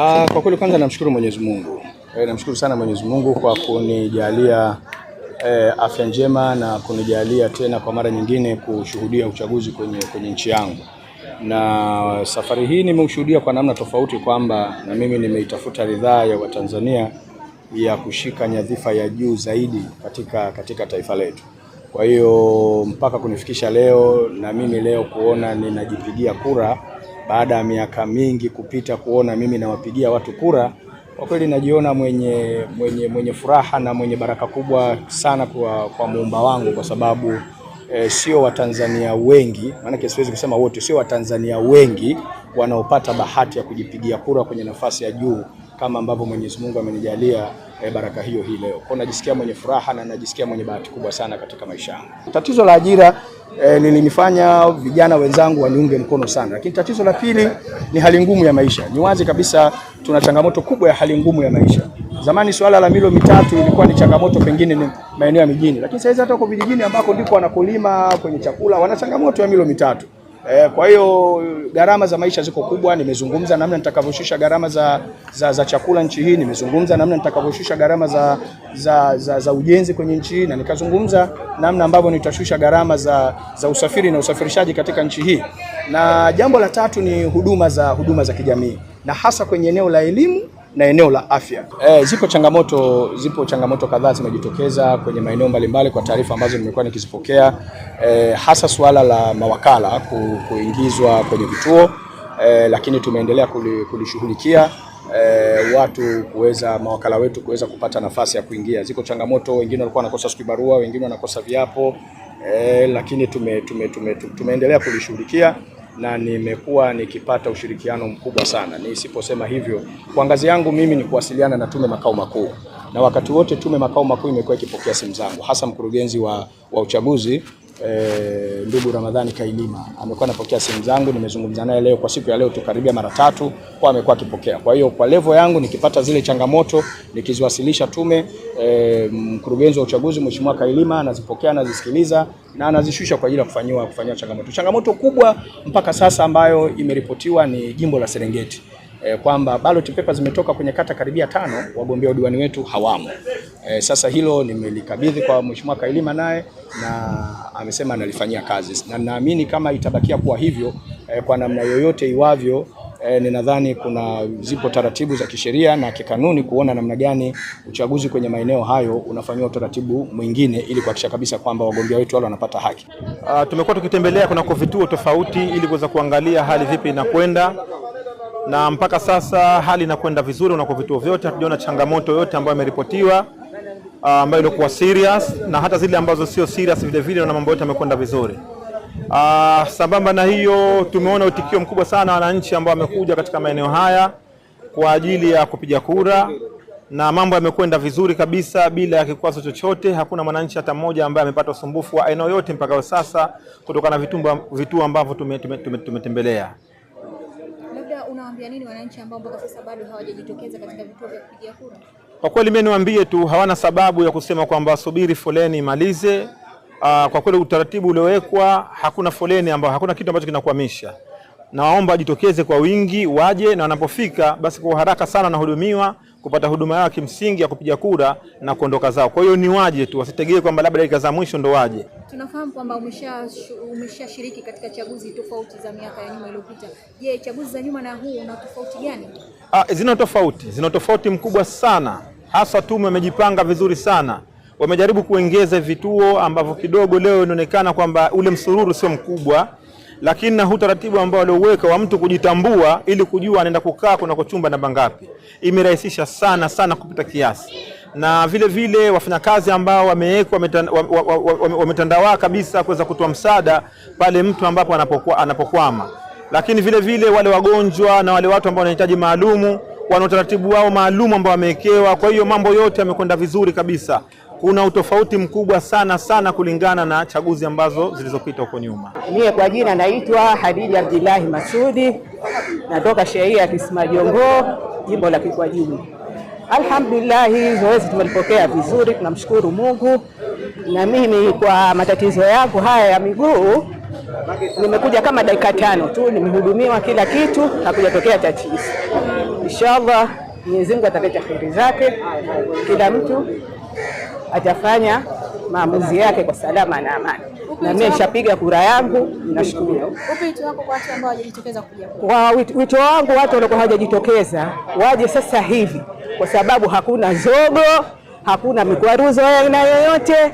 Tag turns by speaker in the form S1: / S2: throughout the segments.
S1: Ah, kwa kweli kwanza namshukuru Mwenyezi Mungu. E, namshukuru sana Mwenyezi Mungu kwa kunijalia e, afya njema na kunijalia tena kwa mara nyingine kushuhudia uchaguzi kwenye, kwenye nchi yangu na safari hii nimeushuhudia kwa namna tofauti kwamba na mimi nimeitafuta ridhaa ya Watanzania ya kushika nyadhifa ya juu zaidi katika, katika taifa letu. Kwa hiyo mpaka kunifikisha leo na mimi leo kuona ninajipigia kura baada ya miaka mingi kupita kuona mimi nawapigia watu kura, kwa kweli najiona mwenye, mwenye, mwenye furaha na mwenye baraka kubwa sana kwa, kwa muumba wangu kwa sababu E, sio Watanzania wengi, maanake siwezi kusema wote, sio Watanzania wengi wanaopata bahati ya kujipigia kura kwenye nafasi ya juu kama ambavyo Mwenyezi Mungu amenijalia e, baraka hiyo hii leo. Kwa najisikia mwenye furaha na najisikia mwenye bahati kubwa sana katika maisha yangu. Tatizo la ajira e, lilinifanya vijana wenzangu waniunge mkono sana, lakini tatizo la pili ni hali ngumu ya maisha. Ni wazi kabisa tuna changamoto kubwa ya hali ngumu ya maisha. Zamani swala la milo mitatu ilikuwa ni changamoto pengine ni maeneo ya mijini, lakini sasa hata kwa vijijini ambako ndiko wanakulima kwenye chakula wana changamoto ya milo mitatu. E, kwa hiyo gharama za maisha ziko kubwa. Nimezungumza namna nitakavyoshusha gharama za, za, za chakula nchi hii, nimezungumza namna nitakavyoshusha gharama za, za, za, za ujenzi kwenye nchi hii, na nikazungumza namna ambavyo nitashusha gharama za, za usafiri na usafirishaji katika nchi hii, na jambo la tatu ni huduma za huduma za kijamii na hasa kwenye eneo la elimu na eneo la afya. E, zipo changamoto zipo changamoto kadhaa zimejitokeza kwenye maeneo mbalimbali kwa taarifa ambazo nimekuwa nikizipokea, e, hasa suala la mawakala ku, kuingizwa kwenye vituo e, lakini tumeendelea kulishughulikia E, watu kuweza mawakala wetu kuweza kupata nafasi ya kuingia. Ziko changamoto, wengine walikuwa wanakosa siku barua, wengine wanakosa viapo e, lakini tume, tume, tume, tume, tumeendelea kulishughulikia na nimekuwa nikipata ushirikiano mkubwa sana. Nisiposema hivyo, kwa ngazi yangu mimi ni kuwasiliana na tume makao makuu, na wakati wote tume makao makuu imekuwa ikipokea simu zangu, hasa mkurugenzi wa, wa uchaguzi e, ndugu Ramadhani Kailima amekuwa anapokea simu zangu, nimezungumza naye leo kwa siku ya leo tukaribia mara tatu, kwa amekuwa akipokea. Kwa hiyo kwa levo yangu nikipata zile changamoto nikiziwasilisha tume, e, mkurugenzi wa uchaguzi Mheshimiwa Kailima anazipokea, anazisikiliza na anazishusha kwa ajili ya kufanyiwa kufanyiwa changamoto. Changamoto kubwa mpaka sasa ambayo imeripotiwa ni jimbo la Serengeti e, kwamba ballot paper zimetoka kwenye kata karibia tano, wagombea udiwani wetu hawamo. E, sasa hilo nimelikabidhi kwa Mheshimiwa Kailima naye na amesema analifanyia kazi, na naamini kama itabakia kuwa hivyo e, kwa namna yoyote iwavyo E, ninadhani kuna zipo taratibu za kisheria na kikanuni kuona namna gani uchaguzi kwenye maeneo hayo unafanywa utaratibu mwingine ili kuhakikisha kabisa kwamba wagombea wetu wale wanapata haki. Ah, tumekuwa tukitembelea kunako vituo tofauti ili kuweza kuangalia hali vipi inakwenda na mpaka sasa hali inakwenda vizuri na kwa vituo vyote hatujaona changamoto yote ambayo imeripotiwa ah, ambayo ilikuwa serious na hata zile ambazo sio serious vile vile, na mambo yote yamekwenda vizuri. Ah, sambamba na hiyo tumeona utikio mkubwa sana wananchi ambao wamekuja katika maeneo haya kwa ajili ya kupiga kura na mambo yamekwenda vizuri kabisa bila ya kikwazo chochote. Hakuna mwananchi hata mmoja ambaye amepata usumbufu wa eneo yote mpaka sasa kutokana na vituo ambavyo tumetembelea
S2: unawaambia nini wananchi ambao mpaka sasa bado hawajajitokeza katika vituo vya kupigia kura?
S1: Kwa kweli mimi niwaambie tu hawana sababu ya kusema kwamba subiri foleni imalize. Ah, kwa kweli utaratibu uliowekwa, hakuna foleni ambao, hakuna kitu ambacho kinakwamisha nawaomba wajitokeze kwa wingi, waje na wanapofika basi kwa haraka sana wanahudumiwa kupata huduma yao ya kimsingi ya kupiga kura na kuondoka zao. Kwa hiyo ni waje tu, wasitegee kwamba labda dakika za mwisho ndo waje.
S2: Tunafahamu kwamba umeshashiriki katika chaguzi tofauti za miaka ya nyuma iliyopita. Je, chaguzi za nyuma na huu una tofauti gani?
S1: Ah, zina tofauti, zina tofauti mkubwa sana, hasa tume wamejipanga vizuri sana wamejaribu kuongeza vituo ambavyo kidogo leo inaonekana kwamba ule msururu sio mkubwa lakini na utaratibu taratibu ambao waliouweka wa mtu kujitambua ili kujua anaenda kukaa kunako chumba namba ngapi, imerahisisha sana sana kupita kiasi. Na vile vile wafanyakazi ambao wamewekwa wametandawaa kabisa kuweza kutoa msaada pale mtu ambapo anapokuwa anapokwama, lakini vile vile wale wagonjwa na wale watu ambao wanahitaji maalumu wana utaratibu wao maalumu ambao wamewekewa. Kwa hiyo mambo yote yamekwenda vizuri kabisa kuna utofauti mkubwa sana sana kulingana na chaguzi ambazo zilizopita huko nyuma.
S3: Mie kwa jina naitwa Hadija Abdillahi Masudi, natoka shehia ya Kismajongo, jimbo la Kikwajuni. Alhamdulillah, zoezi tumelipokea vizuri, tunamshukuru Mungu. Na mimi kwa matatizo yangu haya ya miguu nimekuja kama dakika tano tu, nimehudumiwa kila kitu, hakujatokea tatizo. Inshallah Mwenyezi Mungu ataleta kheri zake kila mtu atafanya maamuzi yake kwa salama na amani. Na mimi nishapiga kura yangu, nashukuru. Kwa wito wangu watu walikuwa hawajajitokeza waje sasa hivi, kwa sababu hakuna zogo, hakuna mikwaruzo ya aina yoyote.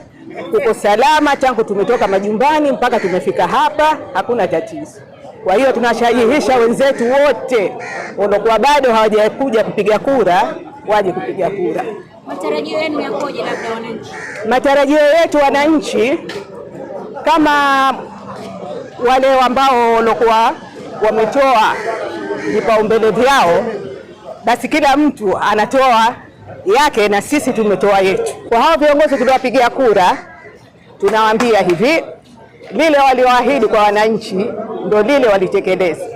S3: uko salama tangu tumetoka majumbani mpaka tumefika hapa, hakuna tatizo. Kwa hiyo tunashajihisha wenzetu wote waliokuwa bado hawajakuja kupiga kura waje kupiga kura.
S2: Matarajio yenu yakoje, labda wananchi?
S3: Matarajio yetu wananchi, kama wale ambao walikuwa wametoa vipaumbele vyao, basi kila mtu anatoa yake na sisi tumetoa yetu. Kwa hao viongozi tuliwapigia kura, tunawaambia hivi, lile walioahidi kwa wananchi ndio lile walitekeleza.